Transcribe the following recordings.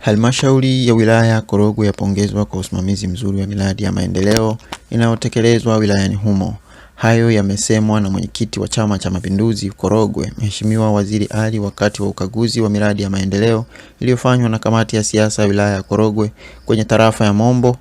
Halmashauri ya wilaya Korogwe yapongezwa kwa usimamizi mzuri wa miradi ya maendeleo inayotekelezwa wilayani humo. Hayo yamesemwa na mwenyekiti wa Chama cha Mapinduzi Korogwe, Mheshimiwa Waziri Ali wakati wa ukaguzi wa miradi ya maendeleo iliyofanywa na kamati ya siasa ya wilaya ya Korogwe kwenye tarafa ya Mombo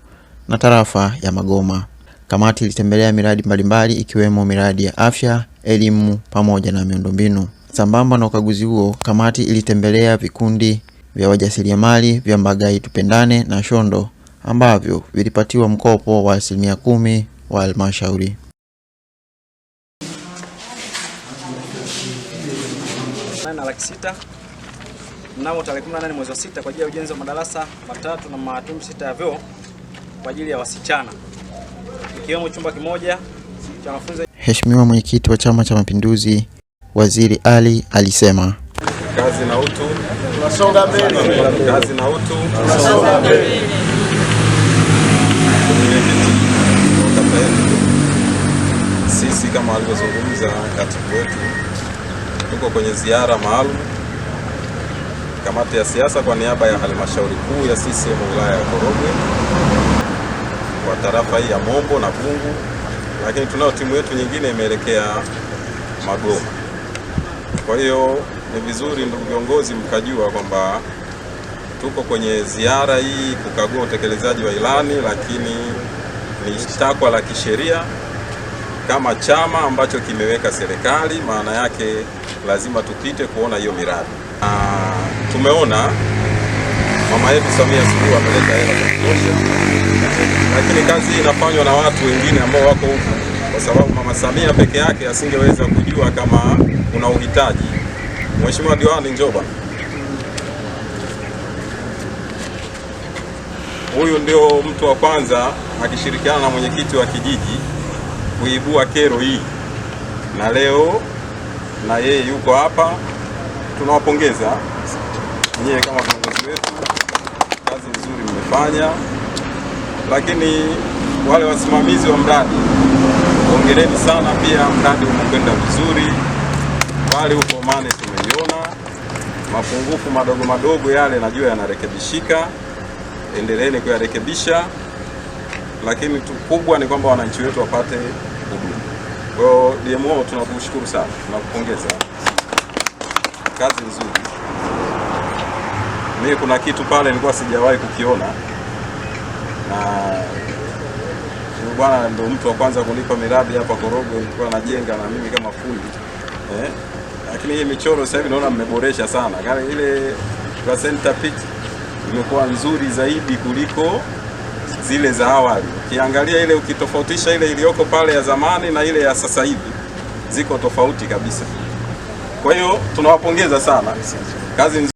na tarafa ya Magoma. Kamati ilitembelea miradi mbalimbali ikiwemo miradi ya afya, elimu pamoja na miundombinu. Sambamba na ukaguzi huo, kamati ilitembelea vikundi vya wajasiriamali vya Mbagai Tupendane na Shondo ambavyo vilipatiwa mkopo wa asilimia kumi wa halmashauri. laki sita mnamo tarehe 18 mwezi wa sita kwa ajili ya ujenzi wa madarasa matatu na matundu sita ya vyoo kwa ajili ya wasichana ikiwemo chumba kimoja cha wanafunzi. Mheshimiwa Mwenyekiti wa Chama cha Mapinduzi Waziri Ali alisema kazi na utu tunasonga mbele, kazi na utu tunasonga mbele. Sisi kama alivyozungumza katibu wetu, tuko kwenye ziara maalum kamati ya siasa kwa niaba ya halmashauri kuu ya CCM wilaya ya Korogwe kwa tarafa hii ya Mombo na Bungu, lakini tunayo timu yetu nyingine imeelekea Magoma. Kwa hiyo ni vizuri ndugu viongozi mkajua kwamba tuko kwenye ziara hii kukagua utekelezaji wa ilani, lakini ni takwa la kisheria kama chama ambacho kimeweka serikali, maana yake lazima tupite kuona hiyo miradi. Na tumeona mama yetu Samia Suluhu ameleta hela za kutosha, lakini kazi inafanywa na watu wengine ambao wako huku kwa sababu Mama Samia peke yake asingeweza kujua kama kuna uhitaji. Mheshimiwa Diwani Njoba, huyu ndio mtu wa kwanza akishirikiana na mwenyekiti wa kijiji kuibua kero hii, na leo na yeye yuko hapa. Tunawapongeza nyewe kama viongozi wetu, kazi nzuri mmefanya, lakini wale wasimamizi wa mradi hongereni sana. Pia mradi umekwenda vizuri, bali uko mane tumeiona, mapungufu madogo madogo yale najua yanarekebishika, endeleeni kuyarekebisha, lakini kubwa ni kwamba wananchi wetu wapate huduma. Kwa hiyo DMO, tunakushukuru sana, tunakupongeza, kazi nzuri. Mimi kuna kitu pale nilikuwa sijawahi kukiona na bwana ndo mtu wa kwanza kunipa miradi hapa Korogwe, nilikuwa najenga na mimi kama fundi eh. Lakini hii michoro sasa hivi naona mmeboresha sana, kama yaani ile center pit imekuwa nzuri zaidi kuliko zile za awali. Ukiangalia ile, ukitofautisha ile iliyoko pale ya zamani na ile ya sasa hivi, ziko tofauti kabisa. Kwa hiyo tunawapongeza sana, kazi nzuri.